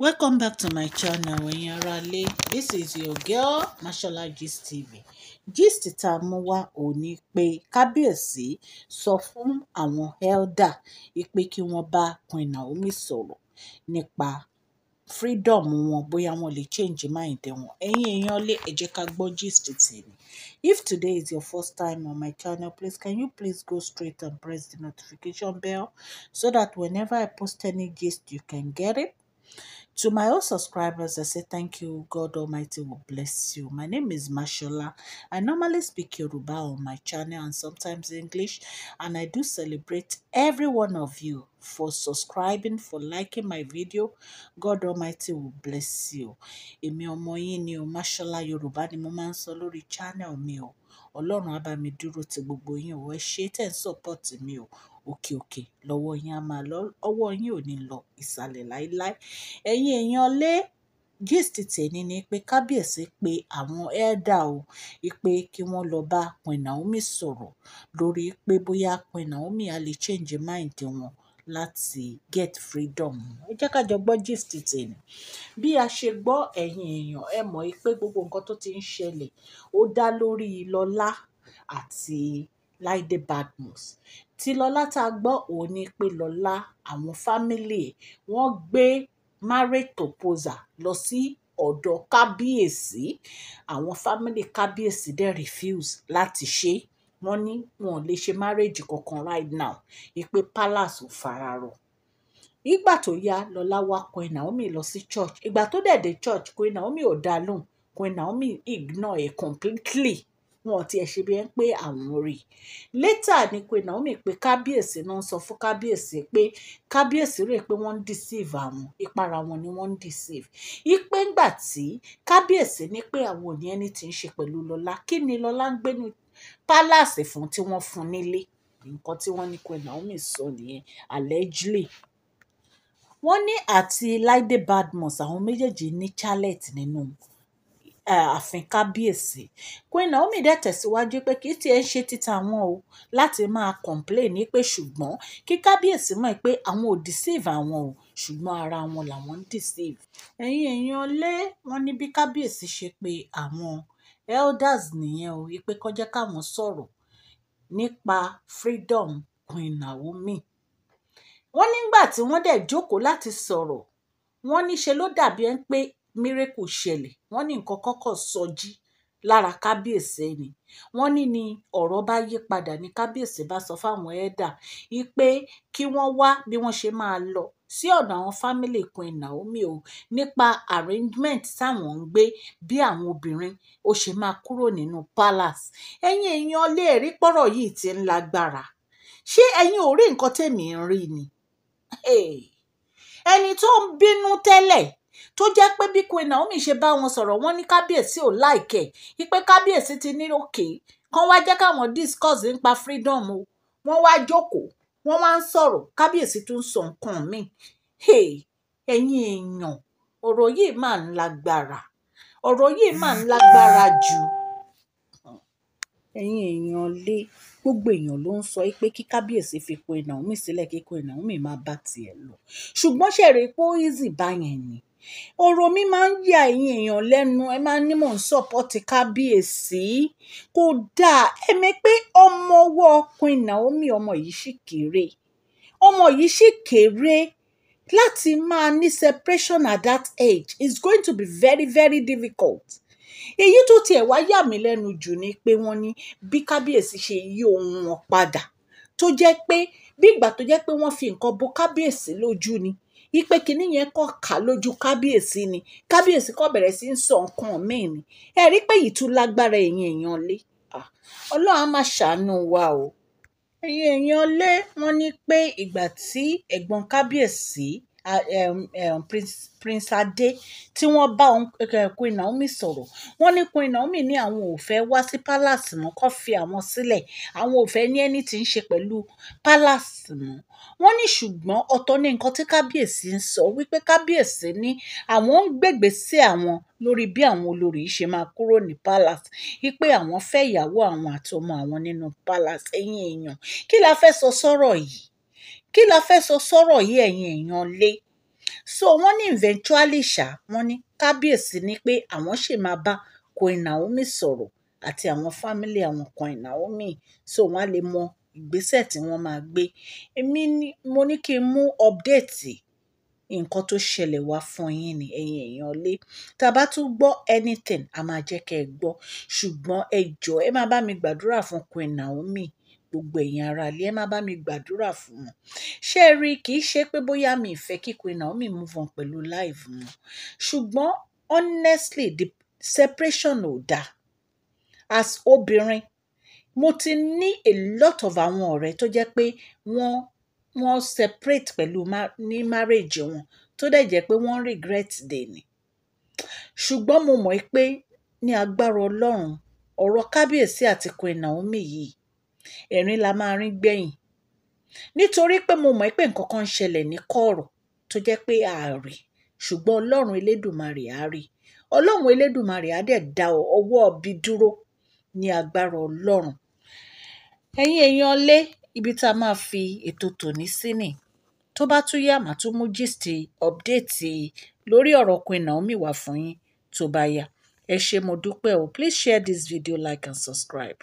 Welcome back to my channel ẹ̀yin ará this is your girl Mashallah Gist TV gist tamuwa oni mú wá sofum ní pé kábíyèsí sọ fún àwọn elder pé freedom wọn bóyá wọn lè change mind wọn ẹ̀yin èèyàn lé ẹ jẹ́ ká gist tèmi if today is your first time on my channel please can you please go straight and press the notification bell so that whenever I post any gist you can get it. To my old subscribers, I say thank you. God Almighty will bless you. My name is Mashola. I normally speak Yoruba on my channel and sometimes English, and I do celebrate every one of you for subscribing, for liking my video. God Almighty will bless you. Èmi ọmọ ni o, Mashola Yorùbá ni mo máa channel mi o. Ọlọ́run á dúró te gbogbo yín o. support mi o. òkè òkè lọ́wọ́ yín á máa lọ ọwọ́ yín ò ní lọ ìsàlẹ̀ láéláé ẹ̀yin èèyàn lé gist tèmi ni pé kábíyèsí pé àwọn elder o ipe kí wọ́n lọ bá Queen Naomi lórí pé bóyá Queen Naomi lè change mind wọn láti get freedom ẹ jẹ́ ká jọ gbọ́ gist tèmi bí a ṣe gbọ́ ẹ̀yin èèyàn ẹ mọ̀ pé gbogbo nǹkan tó ti ń ṣẹlẹ̀ ó dá lórí lọ́lá àti láìdé badmus tí lọ́lá tá a gbọ́ òun ni pé lọ́lá àwọn fámìlì ẹ̀ wọ́n gbé marriage proposal lọ sí ọ̀dọ̀ kábíyèsí àwọn fámìlì kábíyèsí dẹ̀ refuse láti ṣe wọ́n ní wọn ò lè ṣe marriage kankan right now ìpè palace ò fararọ̀ ìgbà tó yá lọ́lá wá Queen Naomi lọ sí church ìgbà tó dẹ̀ dé church Queen Naomi ò dá lóhùn Queen Naomi ignore ẹ̀ completely wọn ti ẹ̀ ṣe bí ẹ ń pé àwọn rí i létà ni pé Naomi pé kábíyèsí náà ń sọ fún kábíyèsí pé kábíyèsí rè pé wọ́n ń deceive àwọn ìpara wọn ni wọ́n ń deceive ipe ńgbà tí kábíyèsí ní pé àwọn ò ní ẹni tí ń ṣe pẹ̀lú lọ́lá kí ni lọ́lá ń gbénu pálàsì fún tí wọ́n fún nílé nǹkan tí wọ́n ní pé Naomi sọ nìyẹn allegedly wọ́n ní àti Láìdé Badmus àwọn méjèèjì ní Charlotte nínú ààfin kábíyèsí Queen Naomi dẹ̀ tẹ̀síwájú pé kì í tiẹ̀ ń ṣe títa wọn o láti máa complain ní pé ṣùgbọ́n kí kábíyèsí mọ̀ pé àwọn ò deceive àwọn o ṣùgbọ́n ara wọn làwọn ń deceive ẹ̀yin èèyàn lé wọn ní bí kábíyèsí ṣe pé àwọn elders nìyẹn o ìpè kọjá káwọn sọ̀rọ̀ nípa freedom Queen Naomi wọ́n nígbà tí wọ́n dẹ̀ jókòó láti sọ̀rọ̀ wọ́n níṣe ló dàbí ẹni pé miracle ṣẹlẹ̀ wọ́n ní nǹkan kọ́kọ́ sọjí lára kábíyèsí ni wọ́n ní ni ọ̀rọ̀ bá yí padà ní kábíyèsí bá sọ fáwọn ẹ̀dà wípé kí wọ́n wá bí wọ́n ṣe máa lọ sí ọ̀dọ̀ àwọn fámìlì Queen Naomi o nípa arrangement táwọn ń gbé bí àwọn obìnrin ó ṣe máa kúrò nínú palace ẹ̀yin èèyàn lè rí pọ́rọ̀ yìí ti ń lágbára ṣé ẹ̀yin ò rí nǹkan tèmi ń rí ni ẹni tó ń bínú tẹ́lẹ̀ tó jẹ́ pé bí Queen Naomi ṣe bá wọn sọ̀rọ̀ wọ́n ní kábíyèsí ò láìkẹ̀ ìpè kábíyèsí ti ní òkè kán wá jẹ́ káwọn discuss nípa freedom o wọ́n wá jókòó wọ́n wá ń sọ̀rọ̀ kábíyèsí tún sọ nǹkan míì hey ẹ̀yin èèyàn ọ̀rọ̀ yìí máa ń lágbára ọ̀rọ̀ yìí máa ń lágbára jù ẹ̀yin èèyàn lé gbogbo èèyàn ló ń sọ pé kí kábíyèsí fi Queen Naomi sílẹ̀ kí Queen Naomi máa bá tiẹ̀ lọ ṣùgbọ́n ṣẹ̀rẹ̀ pé ó easy báyẹn ni ọ̀rọ̀ mi máa ń ya ẹ̀yin èèyàn lẹ́nu ẹ máa ń ní mò ń sọ́pọ́tì kábíyèsí kò dáa ẹ̀mí pé ọmọ ọwọ́ Queen Naomi ọmọ yìí ṣì kéré ọmọ yìí ṣì kéré láti máa ní separation at that age is going to be very very difficult èyí tó tiẹ̀ wá yà mí lẹ́nu jù ni pé wọ́n ní bí kábíyèsí ṣe yí ohun wọn padà tó jẹ́ pé bí ìgbà tó jẹ́ pé wọ́n fi nǹkan bo kábíyèsí lójú ni ipe kìíní yẹn kọ́ kà lójú kábíyèsí ni kábíyèsí kọ́ bẹ̀rẹ̀ sí ń sọ nǹkan míì ni ẹ rí pé yìí tún lágbára ẹ̀yin èèyàn lé ọlọ́run á máa ṣàánú wa o ẹ̀yin èèyàn lé wọ́n ní pé ìgbà tí ẹ̀gbọ́n kábíyèsí prince prince adé tí wọ́n bá eh, queen naomi sọ̀rọ̀ wọ́n ní queen naomi ní àwọn ò fẹ́ wá sí palace mọ́ kó fi àwọn sílẹ̀ àwọn ò fẹ́ ní ẹni tí ń ṣe pẹ̀lú palace mọ́ wọ́n ní ṣùgbọ́n ọ̀tọ̀ ní nǹkan tí kábíyèsí ń sọ wípé kábíyèsí ní àwọn ń gbègbè sí àwọn lórí bí àwọn olórí yìí ṣe máa kúrò ní palace wípé àwọn fẹ́ ìyàwó àwọn àtọmọ àwọn nínú palace ẹ̀yìn èèyàn kí la fẹ́ sọ sọ́rọ̀ yìí kí la fẹ́ sọ sọ́rọ̀ yìí ẹ̀yin èèyàn lé so wọ́n ní eventually ṣá wọ́n ní kábíyèsí ni pé àwọn ṣì máa bá Queen Naomi sọ̀rọ̀ àti àwọn fámílì àwọn Queen Naomi so wọ́n á lè mọ ìgbésẹ̀ tí wọ́n máa gbé èmi ni mo ní kí n mú ọ̀pdẹ́ẹ̀tì nǹkan tó ṣẹlẹ̀ wá fún yín ni ẹ̀yin èèyàn lé tá a bá tún gbọ́ anything a máa jẹ́ kẹ́ ẹ gbọ́ ṣùgbọ́n ẹ jọ̀ọ́ ẹ máa bá mi gbàdúrà fún Queen gbogbo ẹ̀yin aráalé ẹ má bá mi gbàdúrà fún wọn ṣé ẹ rí i kì í ṣe pé bóyá mi ìfẹ́ kí Queen Naomi move on pẹ̀lú live wọn ṣùgbọ́n honestly the separation ò dáa as obìnrin mo ti ní a lot of àwọn ọ̀rẹ́ tó jẹ́ pé wọ́n wọ́n separate pẹ̀lú ní marriage wọn tó dẹ̀ jẹ́ pé wọ́n regret dè ní ṣùgbọ́n mo mọ̀ pé ní agbára Ọlọ́run ọ̀rọ̀ kábíyèsí àti Queen Naomi yìí ẹ̀rín la máa rín gbẹ̀yìn nítorí pé mo mọ̀ pé nǹkan kan ń ṣẹlẹ̀ ní kọ̀rọ̀ tó jẹ́ pé ààrẹ ṣùgbọ́n ọlọ́run elédùnmarè á rí ọlọ́run elédùnmarè á dẹ̀ da ọwọ́ bí dúró ní agbára ọlọ́run ẹ̀yin èèyàn lé ibi tá a máa fi ètò tòní sí nì tó bá tún yá màá tún mú gist ọ̀pdẹ́ẹ̀tì lórí ọ̀rọ̀ Queen Naomi wá fún yín tó bá yá ẹ ṣé mo dúpẹ́ o please share this video like and subscribe.